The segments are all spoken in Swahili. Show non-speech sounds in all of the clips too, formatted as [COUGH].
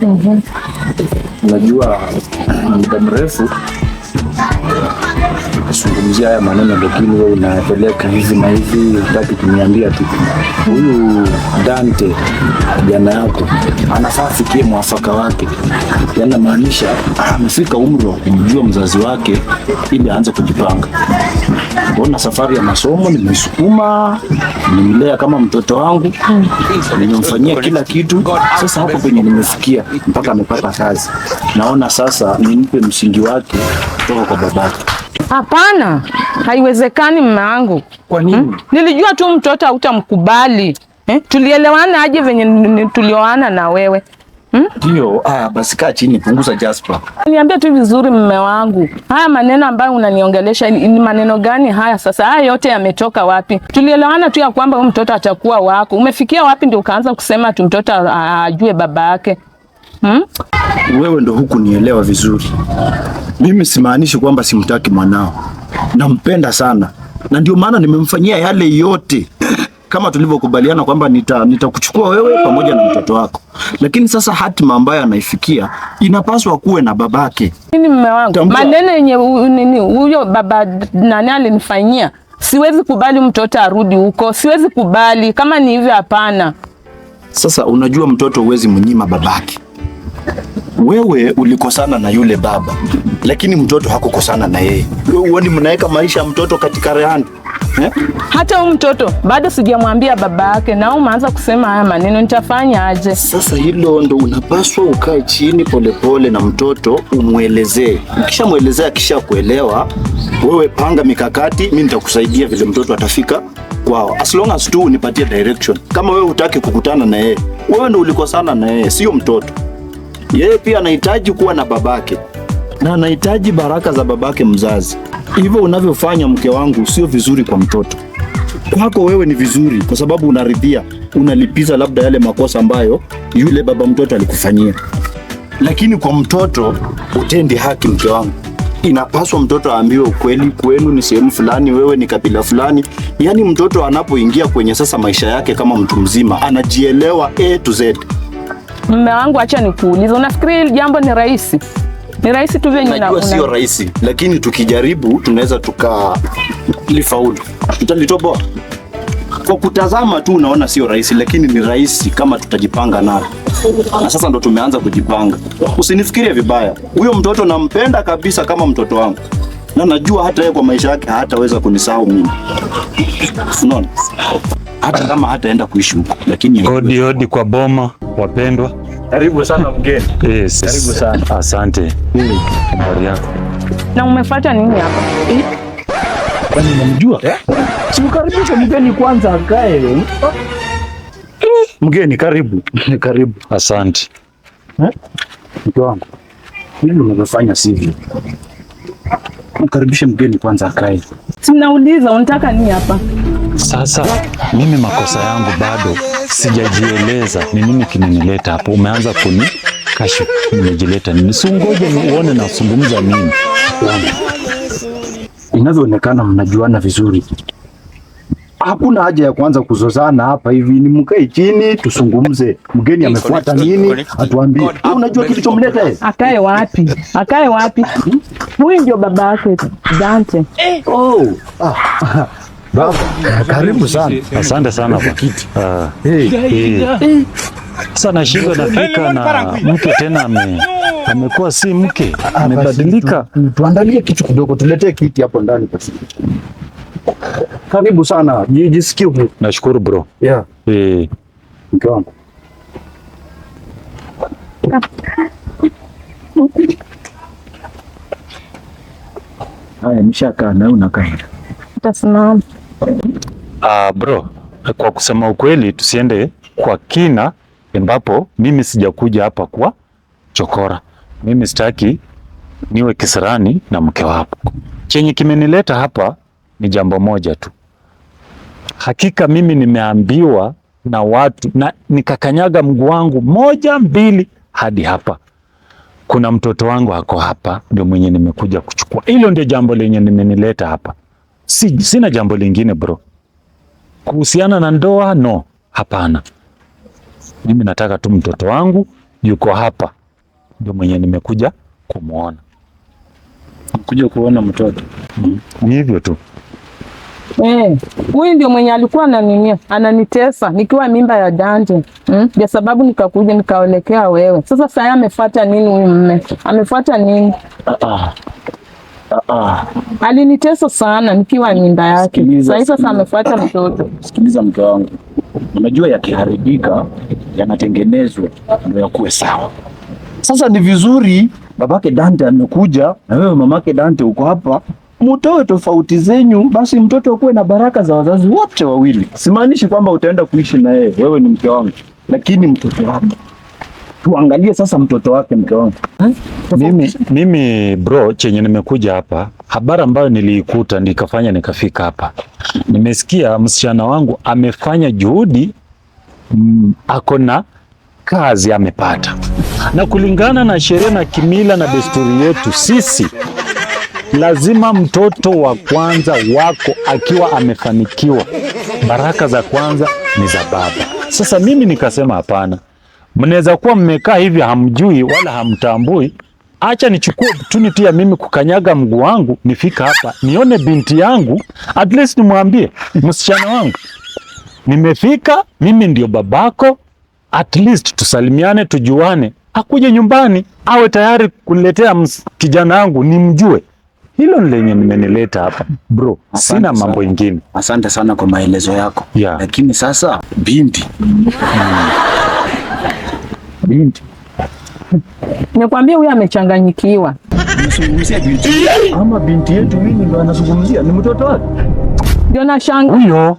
Mhm. Unajua muda mrefu kuzungumzia haya maneno, lakini wewe unapeleka hizi na utaki kuniambia tu. Huyu Dante kijana yako anafaa afikie mwafaka wake, yana maanisha amefika umri wa kumjua mzazi wake ili aanze kujipanga. Ona safari ya masomo nimesukuma, nimlea kama mtoto wangu, nimemfanyia kila kitu. Sasa hapo penye nimefikia mpaka amepata kazi, naona sasa nimpe msingi wake kutoka kwa babake. Hapana, haiwezekani mume wangu. Kwa nini? Hmm? Nilijua tu mtoto hautamkubali. Eh? Tulielewana aje venye tulioana na wewe? Hmm? Ndio. Hmm? Ah, basi kaa chini, punguza Jasper. Niambie tu vizuri mume wangu, haya maneno ambayo unaniongelesha ni maneno gani haya? Sasa haya yote yametoka wapi? Tulielewana tu ya kwamba huyu mtoto atakuwa wako. Umefikia wapi ndio ukaanza kusema tu mtoto ajue baba yake? hmm? Wewe ndo huku nielewa vizuri. Mimi simaanishi kwamba simtaki mwanao, nampenda sana, na ndio maana nimemfanyia yale yote kama tulivyokubaliana kwamba nitakuchukua nita wewe pamoja na mtoto wako, lakini sasa hatima ambayo anaifikia inapaswa kuwe na babake. Nini mume wangu, maneno yenye huyo baba nani alinifanyia, siwezi kubali mtoto arudi huko, siwezi kubali. Kama ni hivyo, hapana. Sasa unajua mtoto huwezi mnyima babake wewe ulikosana na yule baba, lakini mtoto hakukosana na yeye. Uoni mnaweka maisha ya mtoto katika rehani eh? Hata huyu mtoto bado sijamwambia baba yake, na umeanza kusema haya maneno, nitafanya aje sasa? Hilo ndo unapaswa ukae chini polepole na mtoto umwelezee. Ukishamwelezea akisha kuelewa, wewe panga mikakati, mimi nitakusaidia vile mtoto atafika kwao, as long as tu unipatie direction. Kama wewe hutaki kukutana na yeye, wewe ndo ulikosana na yeye, sio mtoto. Yeye pia anahitaji kuwa na babake na anahitaji baraka za babake mzazi. Hivyo unavyofanya mke wangu sio vizuri kwa mtoto. Kwako wewe ni vizuri, kwa sababu unaridhia, unalipiza labda yale makosa ambayo yule baba mtoto alikufanyia, lakini kwa mtoto utendi haki. Mke wangu, inapaswa mtoto aambiwe ukweli, kwenu ni sehemu fulani, wewe ni kabila fulani. Yaani mtoto anapoingia kwenye sasa maisha yake kama mtu mzima, anajielewa A to Z. Mme wangu, acha nikuulize, unafikiri jambo ni rahisi? Ni rahisi tu venye unajua, sio rahisi, lakini tukijaribu tunaweza tukalifaulu, tutalitoboa. Kwa kutazama tu unaona sio rahisi, lakini ni rahisi kama tutajipanga nayo, na sasa ndo tumeanza kujipanga. Usinifikirie vibaya, huyo mtoto nampenda kabisa kama mtoto wangu, na najua hata yeye kwa maisha yake hataweza kunisahau mimi. Unaona? hata kama hataenda kuishi huko, lakini hodi hodi kwa boma. Wapendwa, karibu sana mgeni. Yes, karibu sana asante. Mm. Habari yako? Na umefuata nini hapa? Eh? Kwani unamjua? Eh? Simkaribisha mgeni kwanza akae. Eh? Mgeni karibu, [LAUGHS] karibu. Asante mke wangu, mimi nimefanya sivyo. Mkaribishe mgeni kwanza akae. Simnauliza unataka nini hapa sasa? Mimi makosa yangu bado sijajieleza, ni nini kimenileta hapo. Umeanza kuni kashu, umejileta nini? Si ungoje uone nazungumza nini. Inavyoonekana mnajuana vizuri, hakuna haja ya kwanza kuzozana hapa hivi. Ni mkae chini tuzungumze, mgeni amefuata nini atuambie. Unajua kilichomleta yeye? Akae wapi? Akae wapi? Hmm? Huyu ndio baba yake Dante. Oh. Ah. Baba, eh, eh, karibu sana. Asante sana kwa kiti. Ah. Sasa nashindwa nafika na mke tena ame [LAUGHS] amekuwa si mke, ah, amebadilika. Mm, tuandalie kitu kidogo, tuletee kiti hapo ndani basi. Karibu sana, jisikie huko. Nashukuru bro. Yeah. Eh. Mke wangu. Haya, nishakaa na unakaa. Utasimama. Uh, bro, kwa kusema ukweli tusiende kwa kina ambapo mimi sijakuja hapa kwa chokora. Mimi sitaki niwe kisirani na mke wako. Chenye kimenileta hapa ni jambo moja tu. Hakika mimi nimeambiwa na watu na nikakanyaga mguu wangu moja mbili hadi hapa. Kuna mtoto wangu ako hapa, ndio mwenye nimekuja kuchukua. Hilo ndio jambo lenye nimenileta hapa. Si, sina jambo lingine bro. Kuhusiana na ndoa no, hapana. Mimi nataka tu mtoto wangu yuko hapa, ndio mwenye nimekuja kumwona. Kuja kuona mtoto mm. Ni hivyo tu eh. Huyu ndio mwenye alikuwa ananinia ananitesa nikiwa mimba ya Danje mm? Ndio sababu nikakuja nikaonekea wewe. Sasa saa amefuata nini huyu mme, amefuata nini? -ah. Uh -uh. sana nikiwa nyumba yake. Sasa amefuata mtoto. Sikiliza mke wangu, unajua yakiharibika yanatengenezwa ndio yakuwe sawa. Sasa ni vizuri babake Dante amekuja na wewe mamake Dante uko hapa, mutoe tofauti zenyu, basi mtoto akuwe na baraka za wazazi wote wawili. Simaanishi kwamba utaenda kuishi na yeye, wewe ni mke wangu, lakini mtoto wako tuangalie sasa mtoto wake, mke wangu. Mimi, mimi bro, chenye nimekuja hapa, habari ambayo niliikuta nikafanya nikafika hapa, nimesikia msichana wangu amefanya juhudi mm, ako na kazi amepata, na kulingana na sheria na kimila na desturi yetu sisi lazima mtoto wa kwanza wako akiwa amefanikiwa, baraka za kwanza ni za baba. Sasa mimi nikasema hapana, mnaweza kuwa mmekaa hivi hamjui wala hamtambui. Acha nichukue opportunity ya mimi kukanyaga mguu wangu nifika hapa nione binti yangu, at least nimwambie msichana wangu, nimefika mimi ndio babako, at least tusalimiane, tujuane, akuje nyumbani awe tayari kuletea kijana wangu nimjue. Hilo lenye nimenileta hapa bro, asante. Sina mambo ingine. Asante sana kwa maelezo yako yeah. Lakini sasa binti [LAUGHS] mm. Binti. Nikwambia huyu amechanganyikiwa. Anazungumzia binti. Ama binti yetu mimi ndo anazungumzia ni mtoto wake. Ndio nashanga. Huyo.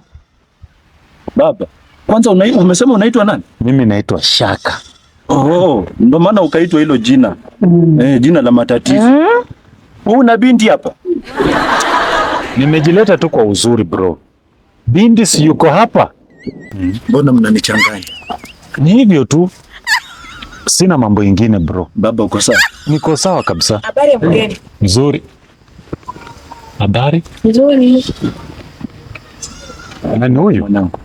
Baba, kwanza una, umesema unaitwa nani? Mimi naitwa Shaka. Oh, ndo maana ukaitwa hilo jina. Mm. Eh, jina la matatizo. Mm. Una binti hapa? Nimejileta tu kwa uzuri bro. Binti si yuko hapa? Mbona mnanichanganya? Ni hivyo tu, sina mambo ingine bro. Baba uko sawa? Niko sawa kabisa. Habari ya mgeni? Nzuri. Habari? Nzuri. Nani huyu mwanangu?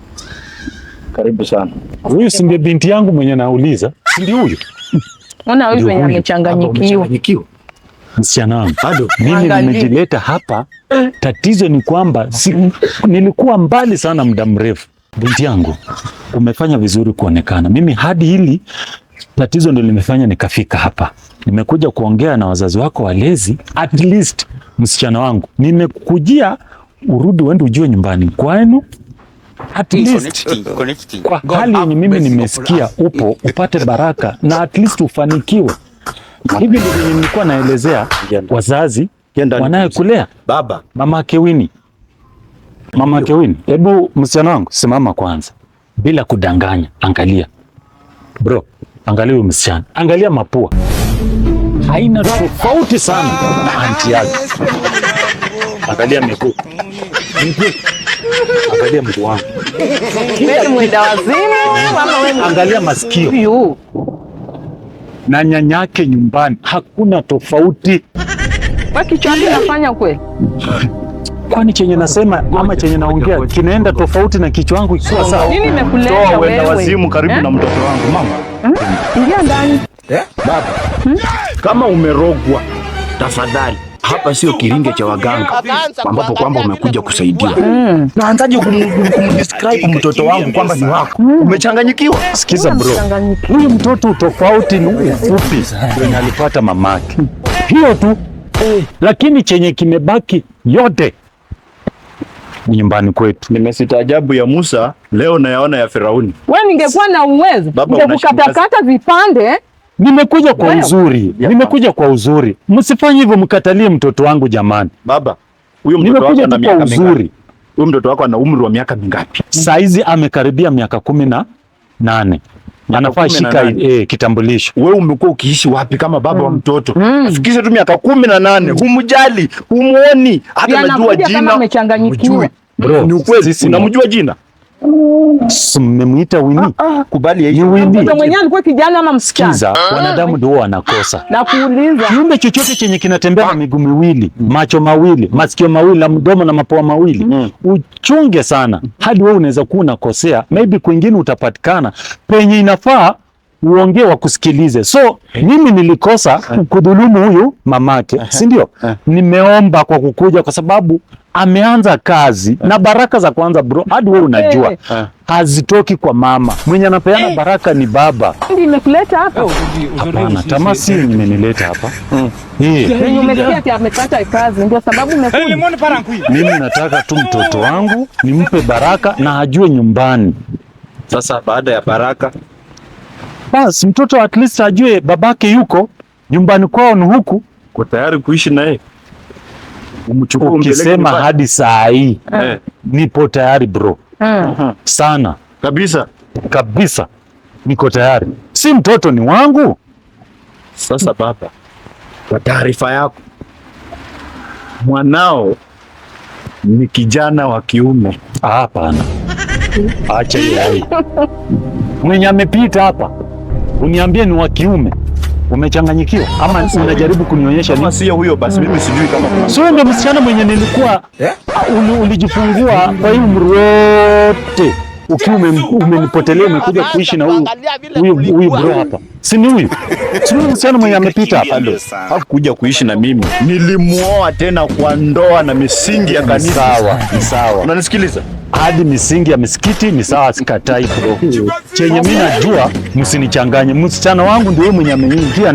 Karibu sana. Huyu si ndiye binti yangu mwenye nauliza, si ndiye huyu? Ona huyu mwenye amechanganyikiwa. Msichana wangu bado mimi nimejileta hapa. Tatizo ni kwamba si, nilikuwa mbali sana muda mrefu Binti yangu, umefanya vizuri kuonekana. Mimi hadi hili tatizo ndio limefanya nikafika hapa. Nimekuja kuongea na wazazi wako walezi, at least msichana wangu, nimekujia urudi uende ujue nyumbani kwenu at least kwa hali ni mimi nimesikia upo, upate baraka na at least ufanikiwe. Hivi ndivyo nilikuwa naelezea wazazi wanayekulea baba, mama Kewini. Mama Kevin, hebu msichana wangu simama kwanza, bila kudanganya. Angalia bro, angalia huyu msichana, angalia mapua, haina tofauti sana na anti yake. Angalia miguu, angalia mguu wangu, mm. angalia masikio na nyanyake nyumbani, hakuna tofauti. Wewe kichwa nafanya kweli [LAUGHS] kwani chenye nasema ama chenye naongea kinaenda tofauti na kichwa wangu ikiwa sawa. Nini nimekuleta wewe na wazimu karibu eh? na mtoto wangu mama. Hmm? Ingia ndani. Eh? Baba. Hmm? Kama umerogwa tafadhali hapa sio kiringe cha waganga ambapo kwamba umekuja kusaidia. Mm. Naanzaje kumdescribe mtoto wangu kwamba ni wako? Mm. Umechanganyikiwa? Sikiza bro, huyu mtoto tofauti ni ufupi ndio alipata mamake, hiyo tu eh. lakini chenye kimebaki yote nyumbani kwetu. Nimesitaajabu ya Musa, leo nayaona ya Firauni. Wewe ningekuwa na uwezo ningekukatakata vipande. Nimekuja kwa uzuri, nimekuja kwa uzuri. Msifanye hivyo, mkatalie mtoto wangu jamani. Baba, huyo mtoto wako ana miaka mingapi? Huyo mtoto wako ana umri wa miaka mingapi? Saizi amekaribia miaka kumi na nane anafaa shika e, eh, kitambulisho. Wewe umekuwa ukiishi wapi kama baba mm. wa mtoto mm. afikishe tu miaka kumi na nane mm. humjali, humuoni hata najua jina, unamjua jina mmemwita Wini, ah, ah. kubali yeye mwenyewe alikuwa kijana ama msichana. Ah. Wanadamu ndio wanakosa. kuuliza. kiumbe chochote chenye kinatembea na miguu miwili, hmm. macho mawili, hmm. masikio mawili na mdomo na mapua mawili mm. uchunge sana, hmm. hadi wewe unaweza kuwa unakosea, maybe kwingine utapatikana penye inafaa uongee wakusikilize. So mimi nilikosa kudhulumu huyu mamake, si ndio? Nimeomba kwa kukuja kwa sababu ameanza kazi eh. na baraka za kwanza bro, hadi wewe unajua eh. Eh. hazitoki kwa mama. Mwenye anapeana baraka ni baba. Ndio nimekuleta hapa? Hapana, tamaa si nimenileta hapa. Hmm. Mimi nataka tu mtoto wangu nimpe baraka na ajue nyumbani. Sasa baada ya baraka bas mtoto at least ajue babake yuko nyumbani kwao, ni huku kwa tayari kuishi naye umchukue ukisema hadi saa hii eh, nipo tayari bro eh, mhm. sana kabisa kabisa, niko tayari, si mtoto ni wangu. Sasa baba, kwa taarifa yako, mwanao ni kijana wa kiume. Hapana, acha yai mwenye amepita hapa uniambie ni wa kiume Umechanganyikiwa ama unajaribu kunionyesha nini? Sio huyo basi, mimi sijui kama kuna. Sio ndio msichana mwenye nilikuwa eh? ulijifungua kwa hii umri wote ukiwa umenipotelea umekuja kuishi na huyu huyu huyu bro hapa, si ni huyu si huyu msichana mwenye amepita hapa, ndio hakuja kuishi na mimi, nilimuoa tena kwa ndoa na misingi ya kanisa. Sawa, sawa, unanisikiliza hadi misingi ya misikiti ni sawa, sikatai bro. Chenye mimi najua, msinichanganye. Msichana wangu ndio mwenye ameingia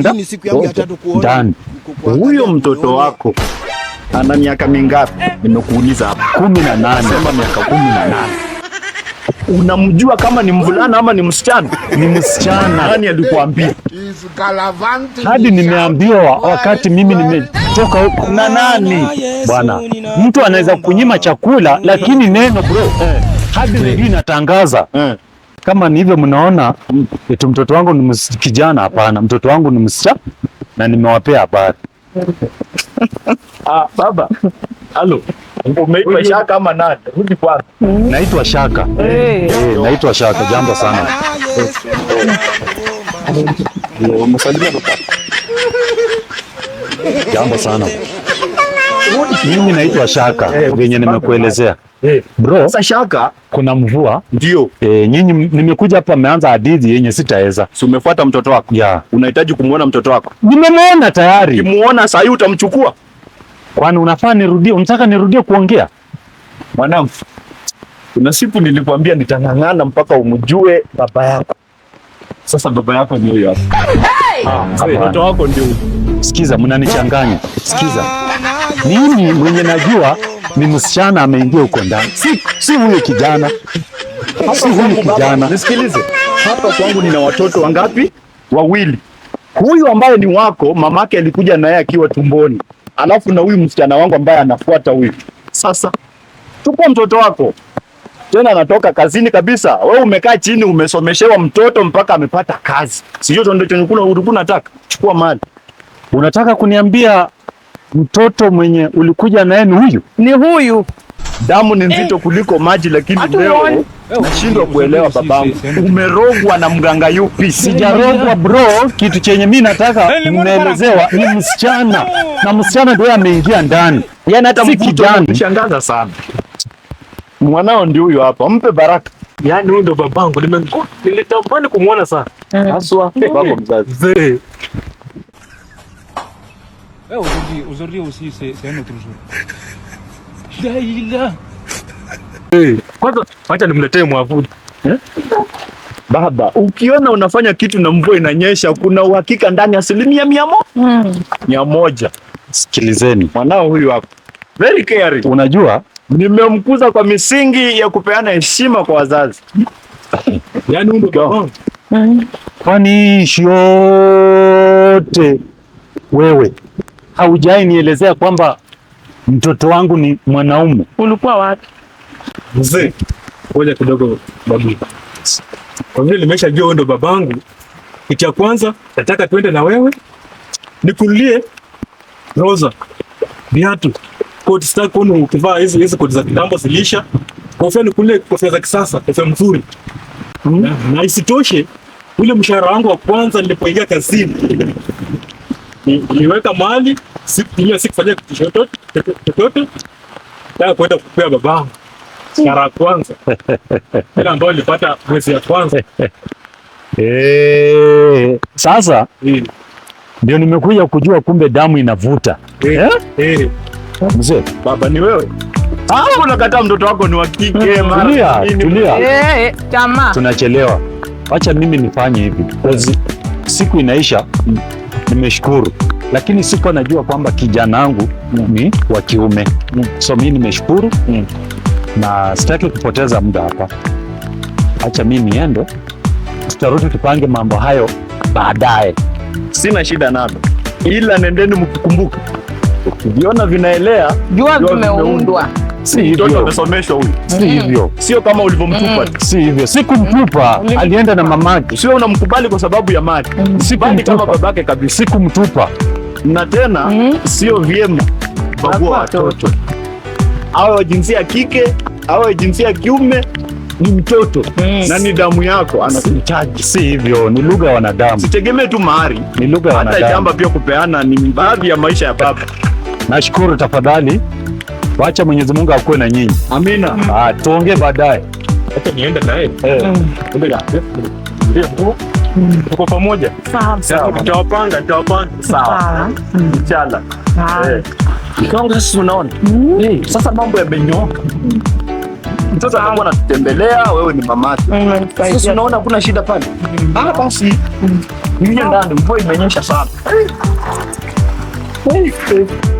ndani. Huyo mtoto wako ana miaka mingapi? Nimekuuliza hapa. kumi na nane. Sema miaka kumi na nane unamjua kama ni mvulana ama ni msichana? Ni msichana. Nani alikuambia? Hadi nimeambiwa wakati mimi nimetoka huko na nani bwana, mtu anaweza kunyima chakula lakini neno bro, eh, hadi redio inatangaza eh. Kama ni hivyo, mnaona eti mtoto wangu ni kijana? Hapana, mtoto wangu ni msichana na nimewapea habari. Ah, baba Halo. Umeitwa shaka ama nani? Rudi kwanza. Naitwa Shaka. Eh, hey. Hey, naitwa Shaka. Jambo sana. Umesalimia baba. Jambo sana. Mimi naitwa Shaka eh, venye hey, nimekuelezea. hey, eh. Bro, sasa Shaka, kuna mvua ndio. Eh, nyinyi nimekuja hapa, ameanza hadithi yenye sitaweza. Si umefuata mtoto wako? Yeah. Unahitaji kumwona mtoto wako? Nimemwona tayari. Ukimuona sasa utamchukua? Kwani unafaa nirudie? Unataka nirudie kuongea? Mwanangu, kuna siku nilikwambia nitang'ang'ana mpaka umjue baba yako. Sasa baba yako ni huyo hapa. Ah, ah, mtoto wako ndio. Sikiza, mnanichanganya. Sikiza. Mimi mwenye najua ni msichana ameingia huko ndani, si si huyo kijana, si huyo kijana. Nisikilize hapa, kwangu nina watoto wangapi? Wawili. Huyu ambaye ni wako, mamake alikuja naye akiwa tumboni alafu na huyu msichana wangu ambaye anafuata huyu. Sasa chukua mtoto wako tena anatoka kazini kabisa. we umekaa chini umesomeshewa mtoto mpaka amepata kazi, sio ndio? Chenye kuna ulikuwa unataka chukua mali. Unataka kuniambia mtoto mwenye ulikuja naye ni huyu? Ni huyu. Damu ni nzito eh. kuliko maji, lakini leo nashindwa kuelewa. Babangu, eh. Eh. umerogwa na mganga yupi? Sijarogwa bro, kitu chenye mimi nataka nimeelezewa ni msichana, na msichana ndio ameingia ndani, yaani hata mkijana mshangaza sana. Mwanao ndio huyo hapa, mpe baraka. Yani huyu ndo babangu, nilitamani kumwona sana haswa babangu mzazi. Daila. kwanza acha nimletee mwavuli eh? Baba, ukiona unafanya kitu na mvua inanyesha, kuna uhakika ndani ya asilimia mia moja mm. mia moja. Sikilizeni, mwanao huyu hapa very caring. Unajua nimemkuza kwa misingi ya kupeana heshima kwa wazazi [LAUGHS] yani Kwa. Hmm. kwani shote wewe haujai nielezea kwamba mtoto wangu ni mwanaume. Ulikuwa wapi mzee? Ngoja kidogo babu, kwa vile nimeshajua wewe ndo babangu, kitu kwanza nataka twende na wewe nikulie roza viatu koti, sitaki kuona ukivaa hizi hizi koti za kitambo zilisha. Kofia nikulie kofia za kisasa, kofia mzuri mm. na, na isitoshe ule mshahara wangu wa kwanza nilipoingia kazini niliweka mali sikutumia, sikufanya kitu chochote taka kwenda kupea babangu mshahara ya kwanza ile [LAUGHS] ambayo nilipata mwezi ya kwanza. [LAUGHS] Eh, sasa ndio nimekuja kujua kumbe damu inavuta e, Mzee baba ni wewe ah! unakataa mtoto wako ni wa kike. Tulia, tulia. Eh, tamaa. Tunachelewa, wacha mimi nifanye hivi, siku inaisha mm nimeshukuru, lakini siko najua kwamba kijana wangu ni wa kiume, so mi nimeshukuru na sitaki kupoteza muda hapa, acha mi niende, tutarudi tupange mambo hayo baadaye. Sina shida nalo, ila nendeni mkikumbuka, ukiviona vinaelea jua vimeundwa. Si hivyo. Mtoto Amesomeshwa huyu. Si hivyo. Sio kama ulivyomtupa. Si hivyo. Si kumtupa, alienda na mamake. Sio unamkubali kwa sababu ya mali. Si kama babake kabisa. Si kumtupa. Na tena mm-hmm. sio vyema bagua watoto. Awe wa jinsia kike, awe jinsia ya kiume ni mtoto yes. Na ni damu yako anakuchaji. si hivyo? Ni lugha ya wanadamu, sitegemee tu mahari, ni lugha ya wanadamu. Hata jamba pia kupeana ni baadhi ya maisha ya baba. Nashukuru, tafadhali. Wacha Mwenyezi Mungu akuwe na nyinyi. Amina. Ah, tuongee baadaye. Acha niende naye. Eh. Mm. Ndio. Mm. Tuko pamoja. Sawa. Sawa. Tutawapanga, tutawapanga. Sawa. Mm. Inshallah. Eh. sisi unaona? Eh, sasa mambo yamenyooka. Mtoto wangu anatutembelea, wewe ni mamake. Sisi unaona kuna shida pale. Ah, basi. Mimi ndani mvua imenyesha sana. Eh. Eh.